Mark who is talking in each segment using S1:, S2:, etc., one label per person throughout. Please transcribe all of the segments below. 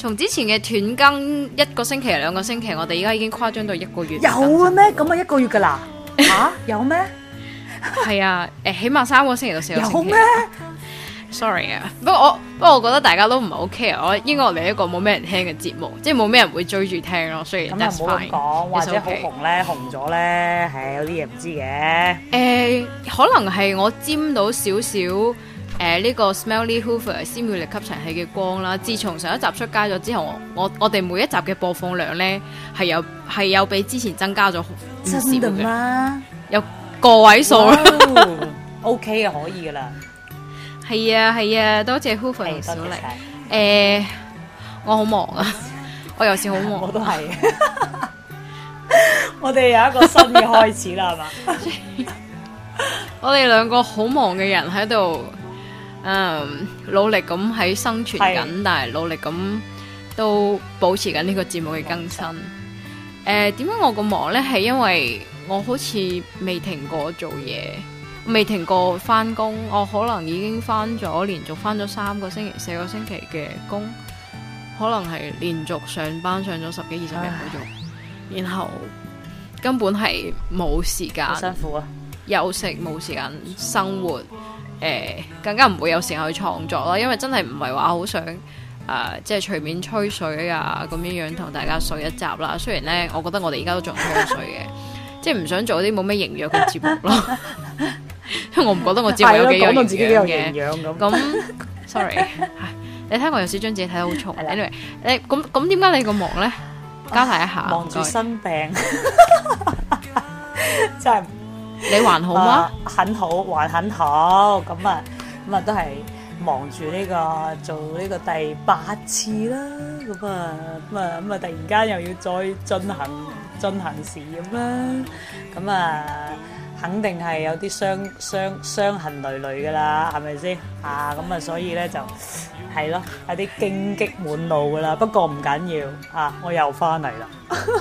S1: 從之前嘅斷更一個星期，兩個星期，我哋而家已經誇張到一個月有
S2: 啊咩？咁啊一個月噶啦吓
S1: 有咩？係 啊，誒、 啊、起碼三個星期到四個星期有咩？Sorry 啊，不過我不過我覺得大家都唔係 OK 啊，我應該嚟一個冇咩人聽嘅節目，即係冇咩人會追住聽咯。雖然咁又唔好咁講，it's okay. 或者好紅
S2: 咧，紅咗咧，唉有啲嘢唔知嘅。誒、
S1: 呃，可能係我占到少少。誒，呢個、uh, Smelly Hoover，思妙力吸塵器嘅光啦。自從上一集出街咗之後，我我哋，每一集嘅播放量咧係有係有比之前增加咗唔少嘅，有個位數
S2: 啦 Wow, okay,。OK 啊，可以噶啦。
S1: 係啊係啊，多謝 Hoover 同小玲。誒，我好忙啊，我又、啊、 也是好忙。 我都係。我哋有一個新嘅開始啦，係嘛？我哋兩個好忙嘅人喺度。嗯，um, 努力咁喺生存緊，對但係努力咁都保持緊呢個節目嘅更新。誒的，點解、uh, 我咁忙呢？係因為我好似未停過做嘢，未停過翻工。我可能已經翻咗連續翻咗三個星期、四個星期嘅工，可能係連續上班上咗十幾二十日嗰種，唉然後根本係冇時間。休息冇時間生活，誒、欸，更加唔會有時間去創作啦。因為真係唔係話好想誒、呃，即係隨便吹水啊咁樣樣同大家睡一集啦。雖然咧，我覺得我哋而家都仲好水嘅， 即係唔想做啲冇咩營養嘅節目咯。因為 我唔覺得我節目有幾營養。講到自己幾有營養咁那。s, Sorry，你睇我有時將自己睇得好重。 anyway，、欸、你咁咁點解你咁忙咧？交代一下。忙住生
S2: 病， 真係。你還好嗎、啊？很好，還很好。咁啊，咁啊都係忙住呢個做呢個第八次啦。咁啊，咁啊咁啊，突然間又要再進行進行試驗啦。咁啊，啊，啊，啊，肯定係有啲傷傷傷痕累累噶啦，係咪先？啊，咁啊，所以咧就係咯，係啲荊棘滿路噶啦。不過唔緊要，啊，我又翻嚟啦，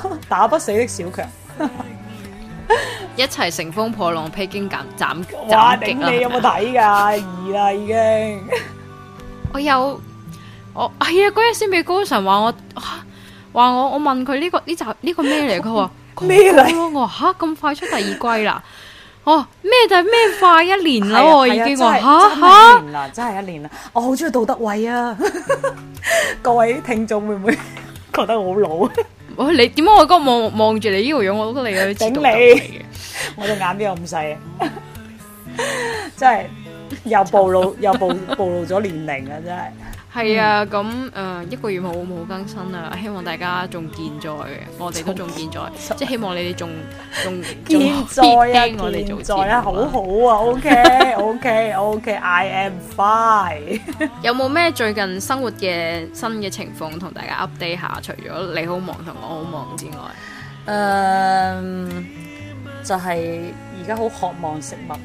S2: 打不死的小強。一齊乘風破浪披
S1: 荊斬斬斬，頂！你有冇睇噶
S2: 二啦已經 我，我
S1: 有我哎呀嗰日先俾高晨話我吓，話、啊、我我問佢呢、這個呢集呢個咩嚟？佢話咩嚟？哥哥我話吓，咁快出第二季啦？ 哦
S2: 咩就咩快一年啦？ 我已經我吓吓，一年啦，真係一年啦！我好中意杜德偉啊， 各位聽眾唔妹，妹，妹覺得我好老？ 你我你點解我嗰個望望住你呢個樣，我都覺得頂你嘅整美，我隻眼邊又咁細，真係又暴露 又暴露又暴露咗年齡啊，真係。係啊，
S1: 咁誒一個月冇冇更新啊，希望大家仲健在
S2: 嘅，我哋都仲健在，健在 即係希望你哋仲仲健在啊，我哋健在啊，好好啊 ，OK OK OK，I、okay, am fine。 有冇
S1: 咩最近生活嘅新嘅情況同大家 update 下？除咗你好忙同我好
S2: 忙之外，誒、uh, 就係而家好渴望食物啊，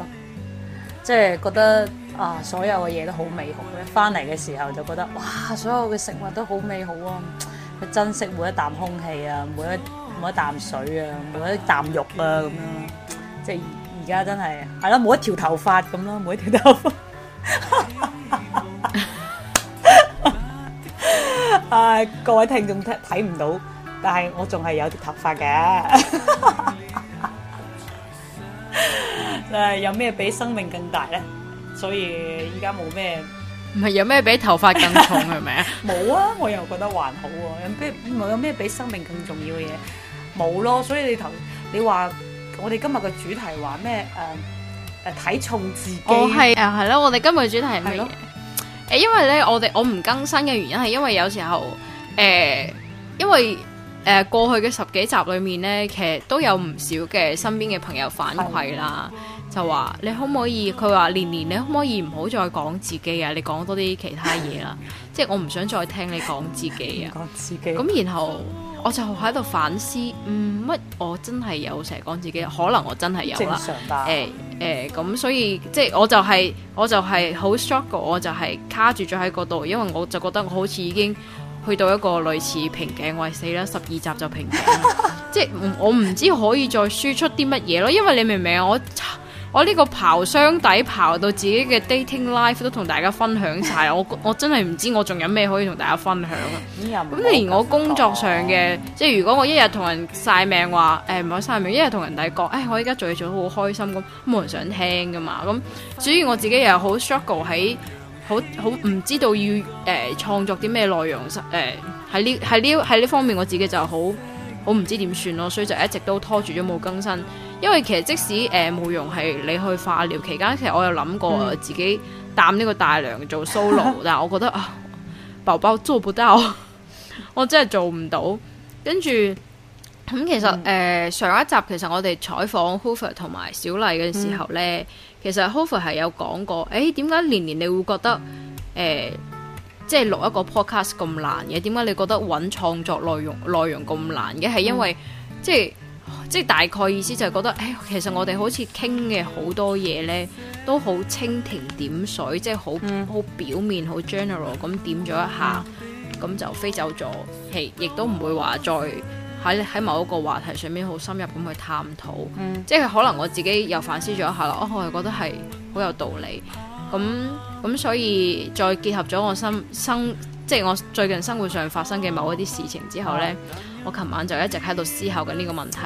S2: 即係 覺得。啊！所有嘅嘢都好美好嘅，翻嚟嘅時候就覺得哇！所有嘅食物都好美好啊！去珍惜每一啖空氣啊，每一每一啖水啊，每一啖肉啊咁樣。即係而家真係係咯，冇一條頭髮咁咯，冇一條頭髮。唉，各位聽眾睇睇唔到，但係我仲係有啲頭髮嘅。誒，有咩比生命更大咧？所以依家冇咩，唔係有咩比
S1: 頭髮更重係咪啊？
S2: 冇 啊，我又覺得還好喎、啊。有咩有咩比生命更重要嘅嘢？冇咯。所以你頭你話我哋今日嘅主題話咩？誒、呃、誒，睇重自己。我係誒
S1: 係咯，我哋今日嘅主題係咩？
S2: 誒、啊，因為咧，
S1: 我哋我唔更新嘅原因係因為有時候誒、呃，因為誒、呃、過去嘅十幾集裏面咧，其實都有唔少嘅身邊嘅朋友反饋啦。就話你可唔可以？佢話年年你可唔可以唔好再講自己啊？你講多啲其他嘢啦， 即係我唔想再聽你講自己啊。 講自己。咁然後我就喺度反思，唔、嗯、乜我真係有成日講自己，可能我真係有啦。正常咁、啊欸欸、所以即係我就係我就係好 struggle，我就係卡住咗喺嗰度，因為我就覺得我好似已經去到一個類似瓶頸位，我係死啦，十二集就瓶頸， 即係我唔知可以再輸出啲乜嘢咯，因為你明唔明啊？我。 我呢個刨箱底刨到自己嘅 dating life 都同大家分享晒。 我真我真係唔知我仲有咩可以同大家分享啊！咁連 我工作上嘅， 即係如果我一日同人晒命話，誒唔好晒命，一日同人哋講，誒、哎、我依家做嘢做得好開心咁，冇人想聽噶嘛，咁所以我自己又好 struggle 喺好好唔知道要誒創作啲咩內容，誒喺呢喺呢喺呢方面我自己就好好唔知點算咯，所以就一直都拖住咗冇更新。因為其實即使誒慕容係你去化療期間，其實我有諗過自己擔呢個大梁做 solo， 但係我覺得啊，爸、呃、爸做唔到， 我真係做唔到。跟住咁其實誒、呃、上一集其實我哋採訪 Hofer 同埋小麗嘅時候呢，嗯、其實 Hofer 係有講過誒，點、欸、解年年你會覺得誒即係錄一個 podcast 咁難嘅？點解你覺得揾創作內容內容咁難嘅？係因為、嗯、即係。即係大概意思就係覺得，誒、欸，其實我哋好似傾嘅好多嘢咧，都好蜻蜓點水，即係好好表面，好 general 咁點咗一下，咁、嗯、就飛走咗。係，亦都唔會話再喺喺某一個話題上面好深入咁去探討。嗯、即係可能我自己又反思咗一下啦、啊，我係覺得係好有道理。咁咁所以再結合咗我生生，即係我最近生活上發生嘅某一啲事情之後咧。嗯我琴晚就一直喺度思考緊呢個問題，誒、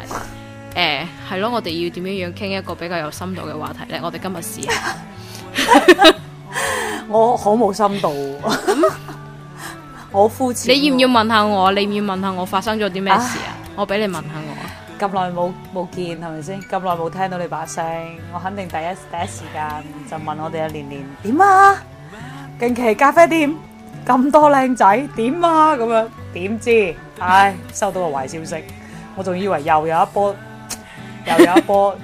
S1: 欸，係咯，我哋要點樣樣傾一個比較有深度嘅話題咧？我哋今日試下，
S2: 我好冇深度，我膚淺。你要唔要問下我？你要唔要問下我發生咗啲咩事啊？我俾你問下我，咁耐冇冇見係咪先？咁耐冇聽到你把聲，我肯定第一第一時間就問我哋啊，年年點啊？近期咖啡店咁多靚仔，點啊？咁樣點知？唉，收到個壞消息，我仲以為又有一波，又有一波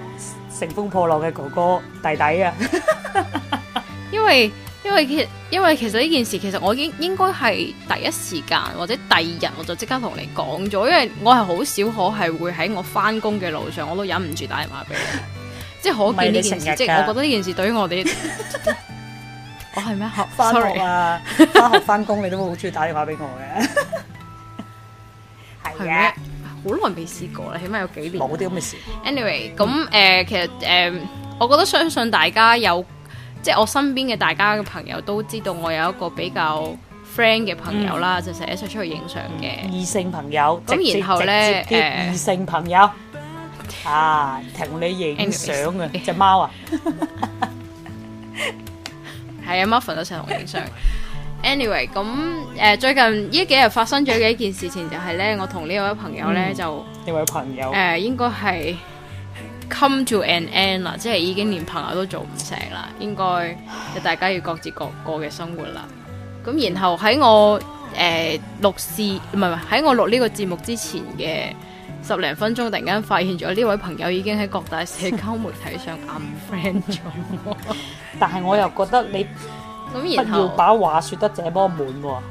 S2: 乘 風破浪嘅哥哥弟弟啊！
S1: 因為因為其因為其實呢件事，其實我已經應應該係第一時間或者第二日我就即刻同你講咗，因為我係好少可係會喺我翻工嘅路上，我都忍唔住打電話俾你， 即係可見呢件事，即我覺得呢
S2: 件事對於我哋，
S1: 我係咩學翻學啊，翻學
S2: 翻工 你都好中意打電話俾我嘅。 係嘅，好耐未試過啦，起碼有幾年冇啲咁嘅事。
S1: Anyway，咁誒，其實誒，我覺得相信大家有，即係我身邊嘅大家嘅朋友都知道，我有一個比較
S2: friend 嘅朋友啦，就成日一齊出去影相嘅異性朋友。咁然後咧，啲異性朋友啊，同你影相嘅隻貓啊，係啊，貓粉都成日同我影相。
S1: Anyway，咁誒、呃、最近呢幾日發生咗嘅一件事情，就係呢。我同呢位朋友呢，嗯、就
S2: 呢位朋友誒、呃、
S1: 應該係 come to an end 啦，即係已經連朋友都做唔成啦，應該就大家要各自各過嘅生活啦。咁然後喺我誒錄視唔係喺我錄呢個節目之前嘅十零分鐘，突然間發現咗呢位朋友已經喺各大社交媒體上
S2: unfriend 咗，但係我又覺得你。然後不要把話說得這麼滿喎、哦。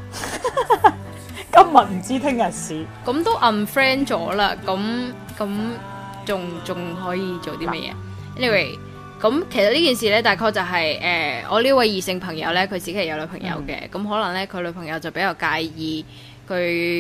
S2: 今日唔知聽日事。咁都 unfriend 咗
S1: 啦，咁咁仲仲可以做啲乜嘢？Anyway，咁、嗯、其實呢件事呢，大概就係、是、誒、呃，我呢位異性朋友呢，佢自己係有女朋友嘅，咁、嗯、可能呢，佢女朋友就比較介意佢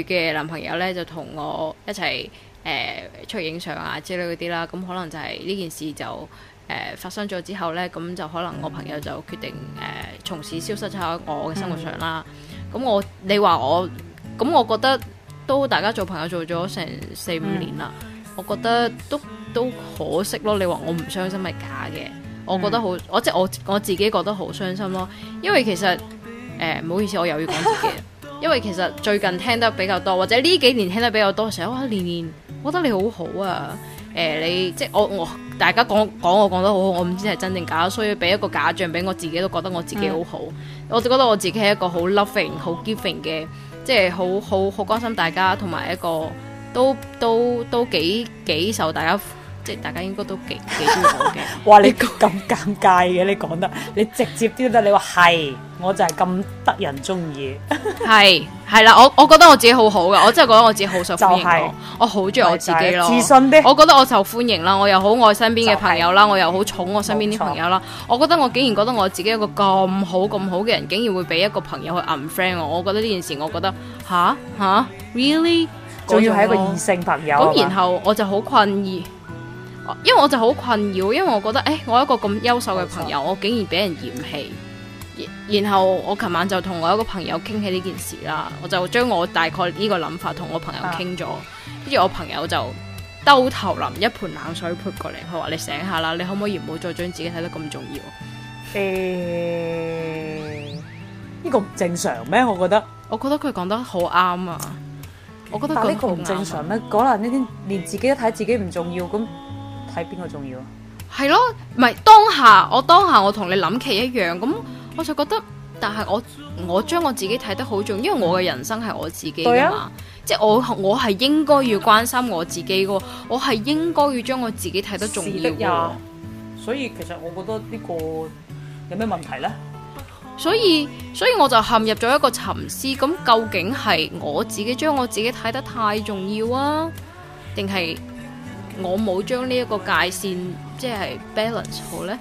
S1: 嘅男朋友呢，就同我一齊誒、呃、出去影相啊之類嗰啲啦，咁可能就係呢件事就。誒、呃，發生咗之後呢，咁就可能我朋友就決定誒，從、呃、此消失咗我嘅生活上啦。咁我你話我，咁我，我覺得都大家做朋友做咗成四五年啦，嗯、我覺得都都可惜咯。你話我唔傷心係假嘅，我覺得好，嗯、我即係我我自己覺得好傷心咯。因為其實誒，唔、呃、好意思，我又要講自己， 因為其實最近聽得比較多，或者呢幾年聽得比較多嘅時候，哇，念念，我覺得你好好啊，誒、呃，你即係我我。我我大家講講我講得好好，我唔知係真正假，所以俾一個假象俾我自己都覺得我自己好好，嗯、我就覺得我自己係一個好 loving、好 giving 嘅，即係好好好關心大家，同埋一個都
S2: 都都幾幾受大家，即係大家應該都幾幾中意我嘅。哇！你咁尷尬嘅，你講得你直接啲得，你話係。我就係咁得人中意， 係係啦，我我覺得我自己好好噶，我真係覺得我自己好受歡迎、 就是，我好
S1: 中意我自己咯、就是，就是、我覺得我受歡迎啦，我又好愛身邊嘅朋友啦，就是、我又好寵我身邊啲朋友啦。沒錯 我覺得我竟然覺得我自己一個咁好咁好嘅人，竟然會俾一個朋友去 unfriend 我，我覺得呢件事，我覺得吓吓，really，仲要係一個異性朋友。咁然，然後我就好困擾，因為我就好困擾，因為我覺得，誒、欸，我一個咁優秀嘅朋友，沒錯 我竟然俾人嫌棄。然後我琴晚就同我一個朋友傾起呢件事啦。我就將我大概呢個諗法同我朋友傾咗，跟住、啊、我朋友就兜頭淋一盆冷水潑過嚟，佢話：你醒下啦，你可唔可以唔好再將自
S2: 己睇得咁重要、啊？誒、欸，呢、呢個唔正常咩？我覺得，我覺得佢講得好啱啊。我覺得，覺得、啊、但係呢個唔正常咩？可能呢啲連自己都睇自己唔重要，咁睇邊個重要啊？係咯，唔係當
S1: 下我當下我同你諗其一樣咁。我就覺得，但係我我將我自己睇得好重要，因為我嘅人生係我自己噶嘛，啊、即係我我係應該要關心我自己噶，我係應該要將我自己睇得重要，
S2: 所以其實我覺得呢個有咩問題呢？
S1: 所以所以我就陷入咗一個沉思，咁究竟係我自己將我自己睇得太重要啊，定係我冇將呢一個界線即係、就是、balance 好呢？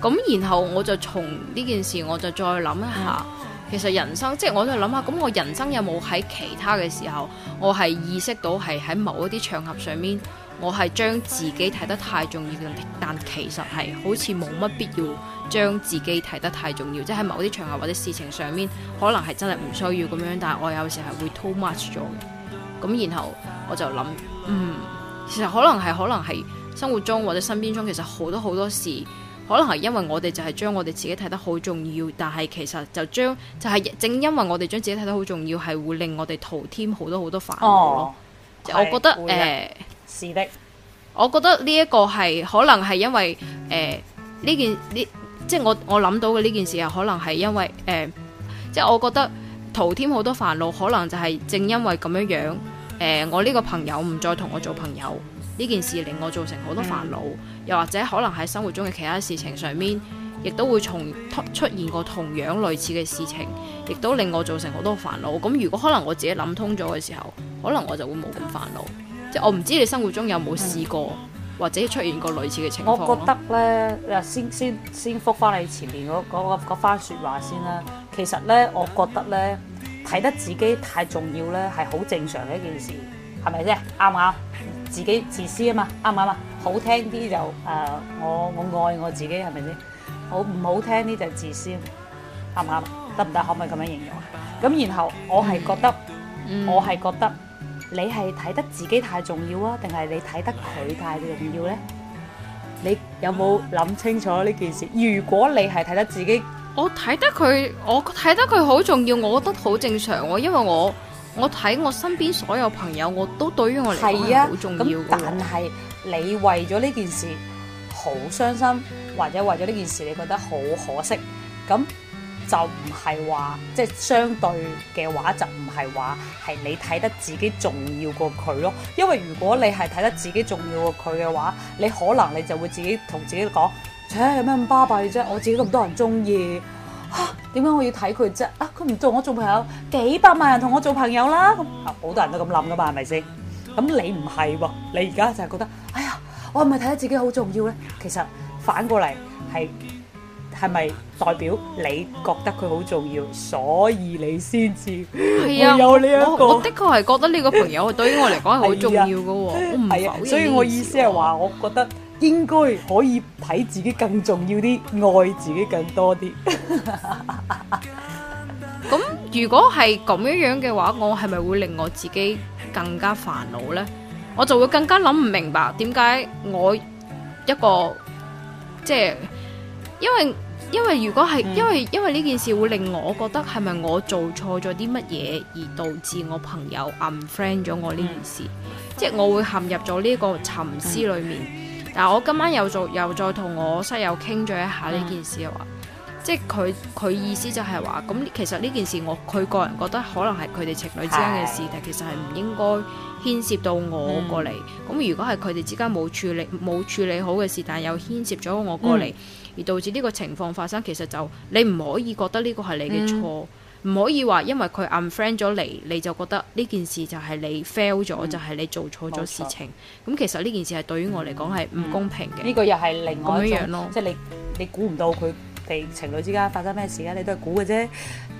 S1: 咁，然後我就從呢件事，我就再諗一下。其實人生，即係我再諗下，咁我人生有冇喺其他嘅時候，我係意識到係喺某一啲場合上面，我係將自己睇得太重要嘅。但其實係好似冇乜必要將自己睇得太重要。即係喺某啲場合或者事情上面，可能係真係唔需要咁樣。但係我有時係會 too much 咗嘅。咁然後我就諗，嗯，其實可能係可能係生活中或者身邊中，其實好多好多事。可能係因為我哋就係將我哋自己睇得好重要，但係其實就將就係、是、正因為我哋將自己睇得好重要，係會令我哋徒添好多好多煩惱咯。我覺得誒，是、呃、的是是，呃、我覺得呢一個係可能係因為誒呢件呢，即係我我諗到嘅呢件事係可能係因為誒，即係我覺得徒添好多煩惱，可能就係正因為咁樣樣，誒、呃、我呢個朋友唔再同我做朋友。嗯呢件事令我造成好多煩惱，嗯、又或者可能喺生活中嘅其他事情上面，亦都會從出現過同樣類似嘅事情，亦都令我造成好多煩惱。咁如果可能我自己諗通咗嘅時候，可能我就會冇咁煩惱。即係我
S2: 唔知你生活中有冇試過，嗯、或者出現過類似嘅情況。我覺得咧，先先先覆返你前面嗰、嗰個嗰個、番説話先啦。其實咧，我覺得咧，睇得自己太重要咧係好正常嘅一件事，係咪先？啱唔啱？自己自私啊嘛，啱唔啱啊？好聽啲就誒、呃，我我愛我自己係咪先？好唔好聽啲就自私，啱唔啱？得唔得？可唔可以咁樣形容啊？咁然後我係覺得，我係覺得你係睇得自己太重要啊，定係你睇得佢太重要咧？你有冇諗清楚呢件事？如果你係睇得自己，我睇得佢，我睇得佢好重要，我覺
S1: 得好正常喎，因為我。我睇我身邊所有朋友，我都對於我嚟講係好
S2: 重要、啊、但係你為咗呢件事好傷心，或者為咗呢件事你覺得好可惜，咁就唔係話即係相對嘅話，就唔係話係你睇得自己重要過佢咯。因為如果你係睇得自己重要過佢嘅話，你可能你就會自己同自己講，切 有咩咁巴閉啫？我自己咁多人中意。 吓，點解、啊、我要睇佢啫？啊，佢唔做我做朋友，幾百萬人同我做朋友啦！咁、啊、好多人都咁諗噶嘛，係咪先？咁你唔係喎，你而家就係覺得，哎呀，我係咪睇下自己好重要咧？其實反過嚟，係係咪代表你覺得佢好重要，所以你先至係啊？我我的確係覺得呢個朋友係對於我嚟講係好重要噶，啊啊
S1: 啊、我唔否認。所以我意思係
S2: 話，我覺得。應該可以睇自己更重要啲，愛自己更多啲。咁 如
S1: 果係咁樣樣嘅話，我係咪會令我自己更加煩惱呢？我就會更加諗唔明白點解我一個即係、就是，因為因為如果係、嗯、因為因為呢件事會令我覺得係咪我做錯咗啲乜嘢而導致我朋友 unfriend 咗我呢件事？即係、嗯、我會陷入咗呢個沉思裏面。嗯但我今晚又做又再同我室友傾咗一下呢件事嘅話，嗯、即係佢佢意思就係話，咁其實呢件事我佢個人覺得可能係佢哋情侶之間嘅事，是但其實係唔應該牽涉到我過嚟。咁、嗯、如果係佢哋之間冇處理冇處理好嘅事，但係又牽涉咗我過嚟，嗯、而導致呢個情況發生，其實就你唔可以覺得呢個係你嘅錯。嗯唔可以話，因為佢 unfriend 咗你，你就覺得呢件事就係你 fail 咗，嗯、就係你做錯咗事情。
S2: 咁錯其實呢件事係對於我嚟講係唔公平嘅。呢個、嗯嗯、又係另外一種樣咯，即係你你估唔到佢哋情侶之間發生咩事啊？你都係估嘅啫。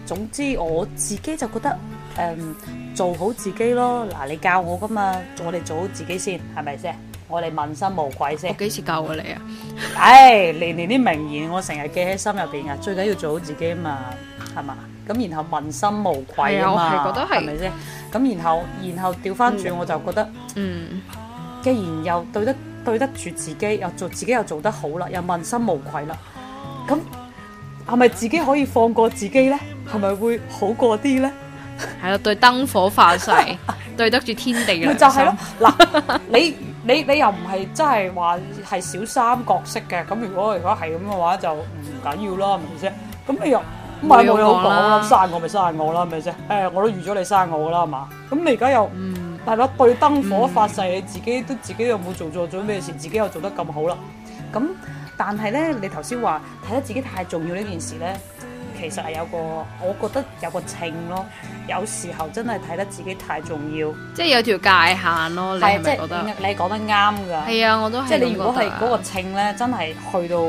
S2: 總之我自己就覺得，誒、嗯，做好自己咯。嗱、啊，你教我噶嘛，我哋做好自己先，係咪先？我哋問心無愧先。我幾時教過你啊？唉、 哎，年年啲名言，我成日記喺心入邊噶。最緊要做好自己啊嘛，係嘛？咁然後問心無愧啊嘛，係咪先？咁然後然後調翻轉我就覺得，嗯，既然又對得對得住自己，又做自己又做得好啦，又問心無愧啦，咁係咪自己可以放過自己咧？係咪會好過啲咧？係
S1: 咯，對燈火發誓，對得住天地良心就係咯。
S2: 嗱，你你你又唔係真係話係小三角色嘅，咁如果如果係咁嘅話，就唔緊要咯，係咪先？咁你又～唔係冇嘢好講啦，生我咪生我啦，係咪先？誒、欸，我都預咗你生我噶啦，係嘛？咁你而、嗯、家又大嘛？對燈火發誓，你自己都自己又冇做錯咗咩事，自己又做得咁好啦。咁但係咧，你頭先話睇得自己太重要呢件事咧，其實係有個，我覺得有個稱咯。有時候真係睇得自己太重要，即係有條界限咯。你係咪覺得？你講得啱噶。係啊，我都係、啊、即係你如果係嗰個稱咧，真係去到。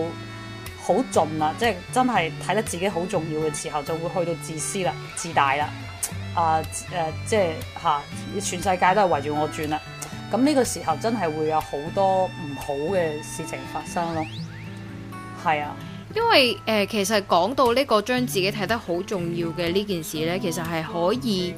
S2: 好盡啦，即係真係睇得自己好重要嘅時候，就會去到自私啦、自大啦，啊、uh, 誒、uh,，即係嚇全世界都係圍住我轉啦。咁呢個時候真係會有好多唔好嘅事情發生咯。係啊，
S1: 因為誒、呃、其實講到呢個將自己睇得好重要嘅呢件事呢，其實係可以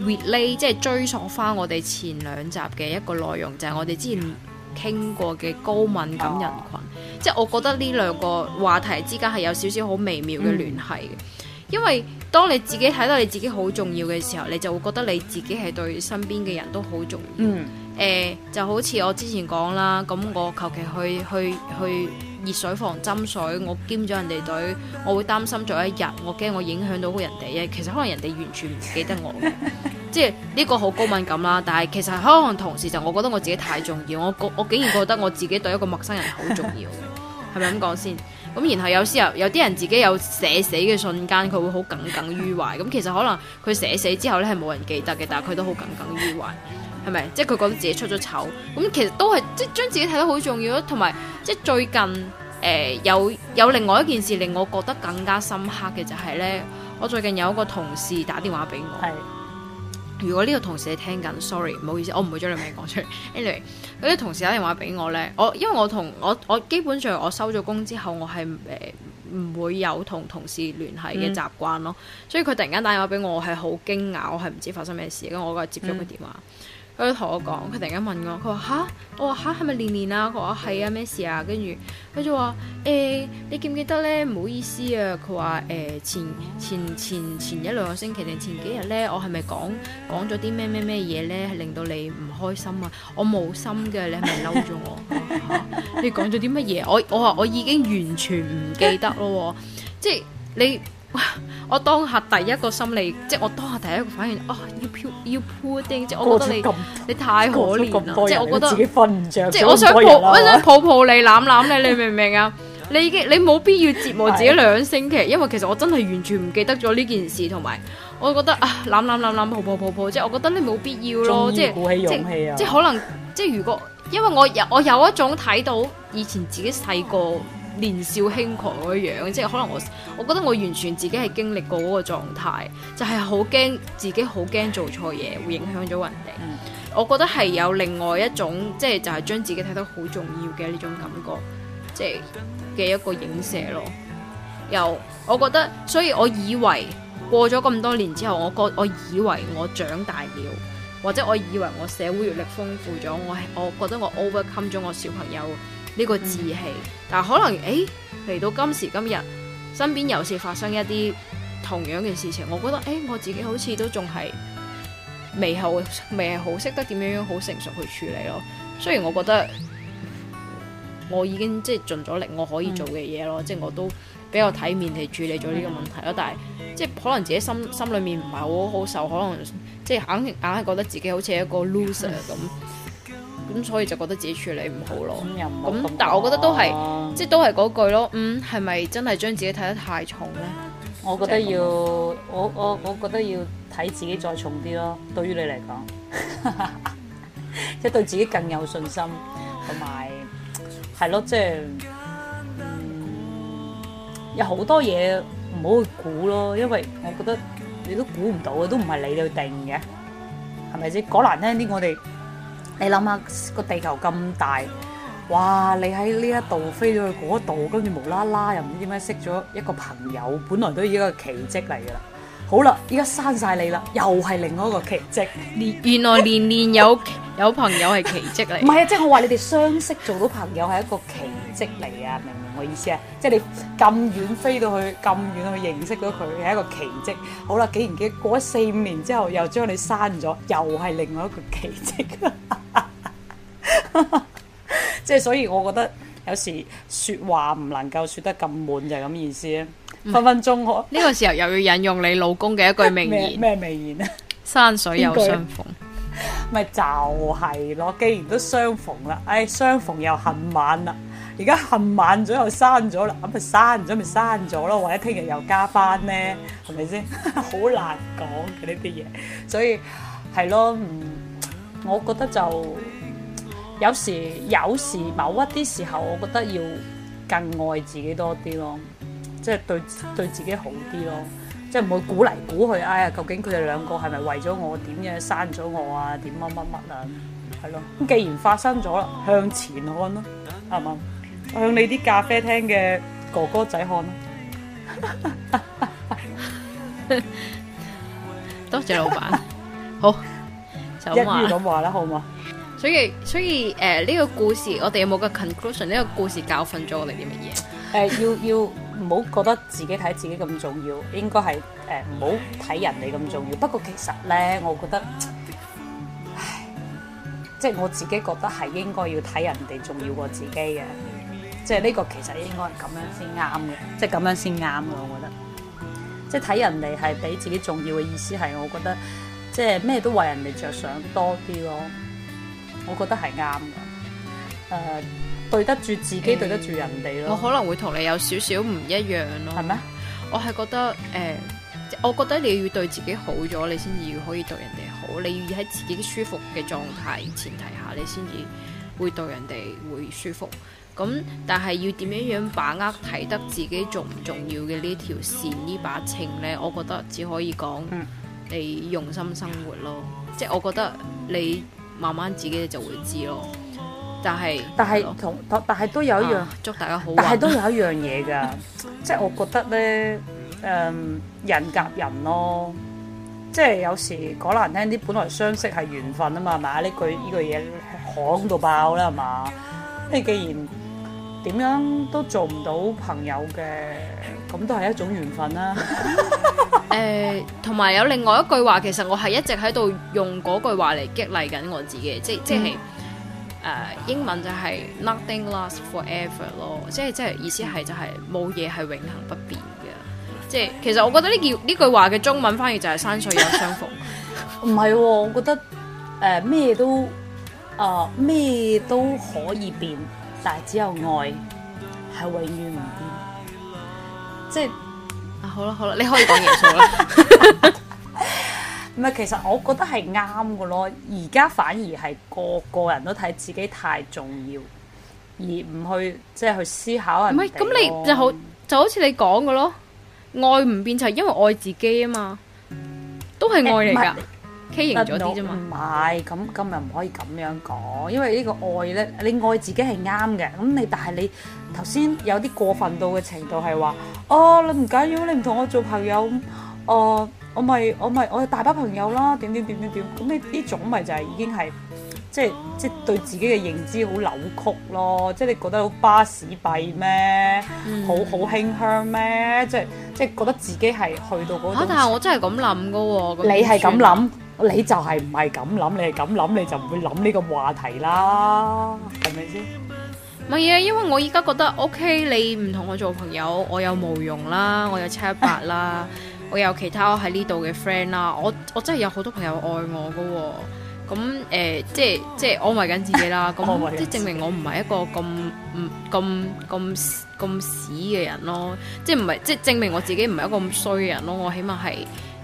S1: really 即係追溯翻我哋前兩集嘅一個內容，就係我哋之前。傾過嘅高敏感人群，即係我覺得呢兩個話題之間係有少少好微妙嘅聯繫嘅，嗯，因為當你自己睇到你自己好重要嘅時候，你就會覺得你自己係對身邊嘅人都好重要。誒，嗯呃，就好似我之前講啦，咁我求其去去去，去去去熱水房斟水，我兼咗人哋隊，我會擔心咗一日，我驚我影響到人哋啊！其實可能人哋完全唔記得我，即係呢、呢個好高敏感啦。但係其實可能同時就我覺得我自己太重要，我我竟然覺得我自己對一個陌生人好重要嘅，係咪咁講先？咁然後有時候有啲人自己有社死嘅瞬間，佢會好耿耿於懷。咁其實可能佢社死之後咧係冇人記得嘅，但係佢都好耿耿於懷，係咪？即係佢覺得自己出咗醜，咁其實都係即係將自己睇得好重要咯，同埋。即係最近，誒、呃、有有另外一件事令我覺得更加深刻嘅，就係咧，我最近有一個同事打電話俾我。係如果呢個同事你聽緊，Sorry，唔好意思，我唔會將你名講出嚟。Anyway，嗰啲同事打電話俾我咧，我因為我同我我基本上我收咗工之後，我係誒唔會有同同事聯繫嘅習慣咯，嗯、所以佢突然間打電話俾我係好驚訝，我係唔知發生咩事，因咁我嘅接咗個電話。嗯佢同我講，佢突然間問我，佢話吓？我話吓？係咪連連啊？佢話係啊，咩事啊？跟住佢就話誒、欸，你記唔記得咧？唔好意思啊，佢話誒前前前前一兩個星期定前幾日咧，我係咪講講咗啲咩咩咩嘢咧，係令到你唔開心啊？我冇心嘅，你係咪嬲咗我？ 你講咗啲乜嘢？我我話我已經完全唔記得咯、啊，即係你。哇！我當下第一個心理，即係我當下第一個反應，啊要漂要 p 丁，即係我覺得你麼你太可憐啦，即係我覺得我自己
S2: 瞓唔著，即係我想抱、啊、我想抱
S1: 抱你攬攬你，你明唔明啊？ 你已經你冇必要折磨自己兩星期， 因為其實我真係完全唔記得咗呢件事，同埋我覺得啊攬攬攬攬抱抱抱抱，即係我覺得你冇必要咯，即係即係可能 即係如果因為我有我有一種睇到以前自己細個。年少輕狂嗰樣，即係可能我，我覺得我完全自己係經歷過嗰個狀態，就係好驚自己，好驚做錯嘢會影響咗人哋。嗯、我覺得係有另外一種，即係就係將自己睇得好重要嘅呢種感覺，即係嘅一個影射咯。又我覺得，所以我以為過咗咁多年之後，我覺我以為我長大了，或者我以為我社會閱歷豐富咗，我係我覺得我 overcome 咗我小朋友。呢個志氣，嗯、但係可能誒嚟到今時今日，身邊有時發生一啲同樣嘅事情，我覺得誒、欸、我自己好似都仲係未後未係好識得點樣樣好成熟去處理咯。雖然我覺得我已經即係盡咗力我可以做嘅嘢咯，即係我都比較體面地處理咗呢個問題咯。但係即係可能自己心心裏面唔係好好受，可能即係硬硬係覺得自己好似一個 loser 咁。 咁所以就覺得自己處理唔好咯。咁、嗯、但係我覺得都係，啊、即係都係嗰句咯。
S2: 嗯，係咪真係將自己睇得太重咧、嗯？我覺得要，我我我覺得要睇自己再重啲咯。對於你嚟講， 即係對自己更有信心，同埋係咯，即係、就是嗯、有好多嘢唔好去估咯。因為我覺得你都估唔到嘅，都唔係你去定嘅，係咪先？講難聽啲，這個、我哋。你諗下個地球咁大，哇！你喺呢一度飛咗去嗰度，跟住無啦啦又唔知點解識咗一個朋友，本來都已經一個奇蹟嚟噶啦。好啦，依家刪晒你啦，又係另外一個奇蹟。原原來年年有有朋友係奇蹟嚟。唔係啊，即係我話你哋相識做到朋友係一個奇蹟嚟啊！明唔明我意思啊？即係你咁遠飛到去，咁遠去認識到佢係一個奇蹟。好啦，竟然過咗四五年之後又將你刪咗，又係另外一個奇蹟。即係所以，我覺得有時說話唔能夠說得咁滿，就係咁意思啦。分分鐘我呢個時候又要引用你老公嘅一句名言。咩名言啊？
S1: 山水又相逢，
S2: 咪就係咯。既然都相逢啦，唉，相逢又恨晚啦。而家恨晚咗又刪咗啦，咁啊咪刪咗咪刪咗咯，或者聽日又加翻咧，係咪先？好難講嘅呢啲嘢，所以係咯，嗯，我覺得就。有時有時某一啲時候，我覺得要更愛自己多啲咯，即係對對自己好啲咯，即係唔好估嚟估去，哎呀，究竟佢哋兩個係咪為咗我點樣生咗我啊？點乜乜乜啊？係咯，咁既然發生咗啦，向前看咯，啱唔啱？向你啲咖啡廳嘅哥哥仔看啦， 多謝老闆， 好，就一於咁話啦，好嘛？
S1: 所以，所以誒呢個故事，我哋有冇個 conclusion？呢個故事教訓咗我哋啲乜嘢？誒、 呃，
S2: 要要唔好覺得自己睇自己咁重要，應該係誒唔好睇人哋咁重要。不過其實咧，我覺得，唉，即係我自己覺得係應該要睇人哋重要過自己嘅，即係呢個其實應該係咁樣先啱嘅，即係咁樣先啱嘅。我覺得，即係睇人哋係比自己重要嘅意思係，我覺得即係咩都為人哋着想多啲咯。我覺得係啱嘅，誒、呃，對得住自己，欸、對得住人哋咯。我可能會同你
S1: 有少少唔一樣咯。係咩嗎？我係覺得，誒、呃，我覺得你要對自己好咗，你先至可以對人哋好。你要喺自己舒服嘅狀態前提下，你先至會對人哋會舒服。咁但係要點樣樣把握睇得自己重唔重要嘅呢條線呢把秤呢，我覺得只可以講，你用心生活咯。即係我覺得你。慢慢自己就會知
S2: 咯，但係但係，是吧同但係都有一樣、啊、祝大家好，但係都有一樣嘢㗎， 即係我覺得咧，誒、嗯、人夾人咯，即係有時講難聽啲，本來相識係緣分啊嘛，嘛，係嘛？呢句呢句嘢響到爆啦，係嘛？你既然點樣都做唔到朋友嘅，咁都係一種緣分啦。誒，同埋有
S1: 另外一句話，其實我係一直喺度用嗰句話嚟激勵緊我自己，即係即係誒、呃，英文就係、是、nothing lasts forever 咯，即係即係意思係就係冇嘢係永恆不變嘅。即係其實我覺得呢件呢句話嘅中文翻譯就係山
S2: 水有相逢。唔係喎，我覺得誒咩、呃、都啊咩、呃、都可以變。但係只有愛係永遠唔變，即係、啊，
S1: 好啦好啦，你可以講耶穌
S2: 啦。唔係，其實我覺得係啱噶咯。而家反而係個個人都睇自己太重要，而唔去即係去思考啊。唔係，咁你就好
S1: 就好似你講嘅咯，愛唔變就係因為愛自己啊嘛，
S2: 都係愛嚟噶、欸。唔係，咁今日唔可以咁樣講，因為呢個愛咧，你愛自己係啱嘅。咁你但係你頭先有啲過分到嘅程度係話，哦，你唔緊要，你唔同我做朋友，哦、我我咪我咪我大把朋友啦，點點點點點，咁你呢種咪就係已經係。即係即係對自己嘅認知好扭曲咯，即係你覺得好巴士閉咩？嗯、好好馨香咩？即係即係覺得自己係去到嗰度，啊，但係我真係咁諗噶喎。你係咁諗，你就係唔係咁諗？你係咁諗，你就唔會諗呢個話題啦，係咪先？
S1: 唔係啊，因為我依家覺得 OK，你唔同我做朋友，我有無用啦，我有七百啦， 我有其他喺呢度嘅 friend 啦，我我真係有好多朋友愛我噶喎。咁誒、呃，即係即係安慰緊自己啦。咁即係證明我唔係一個咁唔咁咁咁屎嘅人咯。即係唔係即係證明我自己唔係一個咁衰嘅人咯。我起碼係誒、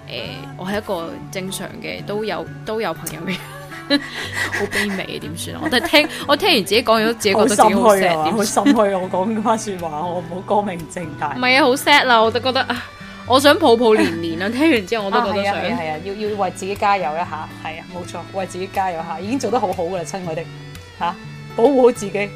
S1: 呃，我係一個正常嘅，都有都有朋友嘅。 好卑微啊，點算啊？我聽 我聽完自己講咗，自己覺得好心虛啊，好心
S2: 虛啊！我講翻説話，我唔好光明正大。唔係啊，好 sad 啦，我都覺得。 我想抱抱連連啦！欸、聽完之後我都覺得想係啊，啊，啊，啊，要要為自己加油一下，係啊，冇錯，為自己加油一下，已經做得好好噶啦，親愛的，吓、啊，保護好自己，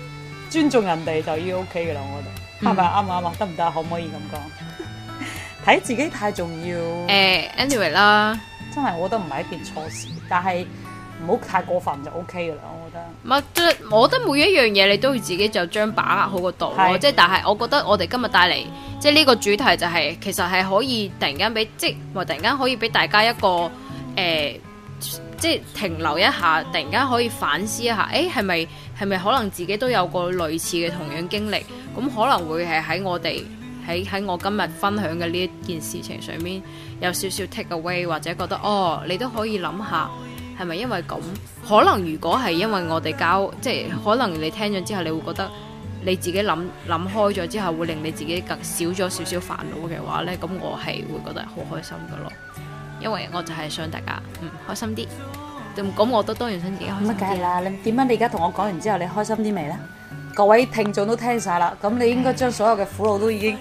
S2: 尊重人哋就要 OK 噶啦，我覺得，係咪、嗯？啱啊啱啊，得唔得？可唔可以咁講？睇 自己太重要。誒、欸、，anyway 啦，真係，我覺得唔係一件錯事，但係。唔好太過分就 O K 噶啦，
S1: 我覺得。唔係，即我覺得每一樣嘢你都要自己就將把，把握好個度。即係，是但係我覺得我哋今日帶嚟即係呢個主題就係、是，其實係可以突然間俾，即係突然間可以俾大家一個誒、呃，即係停留一下，突然間可以反思一下，誒，係咪係咪可能自己都有個類似嘅同樣經歷？咁可能會係喺我哋喺喺我今日分享嘅呢一件事情上面有少少 take away，或者覺得哦，你都可以諗下。係咪因為咁？可能如果係因為我哋交，即係可能你聽咗之後，你會覺得你自己諗諗開咗之後，會令你自己減少咗少少煩惱嘅話咧，咁我係會覺得好開心噶咯。因為
S2: 我就係想大家嗯開心啲。咁、嗯、咁，我都當然想自己開心啲。乜梗係啦？你點樣？你而家同我講完之後，你開心啲未咧？各位聽眾都聽晒啦，咁你應該將所有嘅苦惱都已經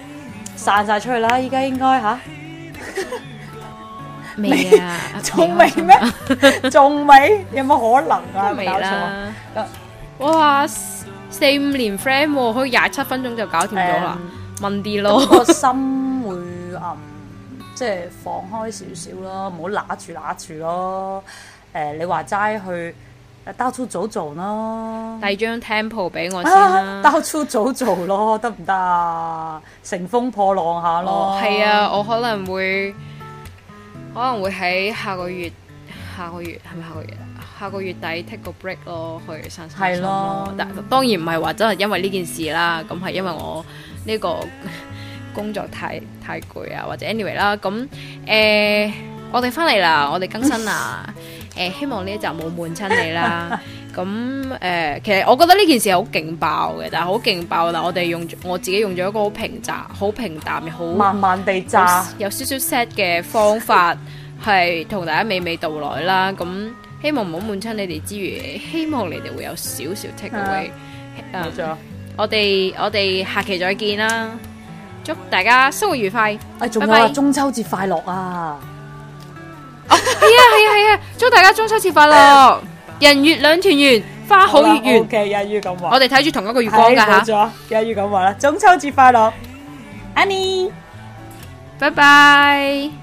S2: 散晒出去啦。依家應該吓。 未啊？仲未咩？仲未 有冇可能啊？未啦。
S1: 哇 四,四五年 friend，佢廿七分鐘就搞掂咗啦。嗯、問
S2: 啲咯，個心會嗯，即係放開少少咯，唔好揦住揦住咯。誒、呃，你話齋去，兜粗早做啦。第二張 temple 俾我先啦、啊。兜粗早做咯，得唔得啊？乘風破浪下咯。係、哦、啊，我可能會。嗯可能會喺
S1: 下個月，下個月係咪下個月？下個月底 take 個 break 咯，去散散心咯。 但當然唔係話真係因為呢件事啦，咁係因為我呢個工作太太攰啊，或者 anyway 啦。咁誒、呃，我哋翻嚟啦，我哋更新啦。誒、 呃，希望呢集冇悶親你啦。 咁誒、嗯，其實我覺得呢件事好勁爆嘅，但係好勁爆。但我哋用我自己用咗一個好平雜、好平淡又好慢慢地雜，有少少 sad 嘅方法，係同大家娓娓道來啦。咁希望唔好悶親你哋之餘，希望你哋會有少少 takeaway。我哋我哋下期再見啦！祝大家生活愉快。啊，仲有啊，中
S2: 秋節快樂啊，
S1: 啊！係啊係啊係啊！祝大家中秋節快樂。 人月兩團圓，花好月圓。啊、OK，這
S2: 樣我哋睇住同一個月光噶。好咗，一於咁話啦，中秋節快樂，Annie，拜拜。